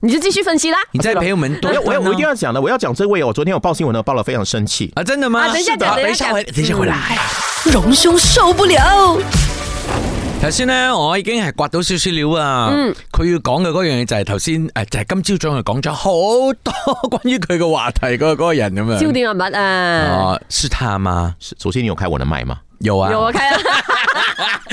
你就繼續分析啦，你再陪我們，我要我要我一定要講的，我要講這位，我昨天有報新聞呢，報到非常生氣啊，真的嗎？等下講，等下講，等下回來，榮兄、嗯、受不了。頭先呢，我已經係刮到少少料啊，嗯，佢要講嘅嗰樣嘢就係頭先誒，就係、是、今朝早係講咗好多關於佢嘅話題嗰嗰個人咁樣，焦點人物啊，哦、呃，是他嗎？首先你有開我嘅麥嗎？有啊，有我啊，開啊。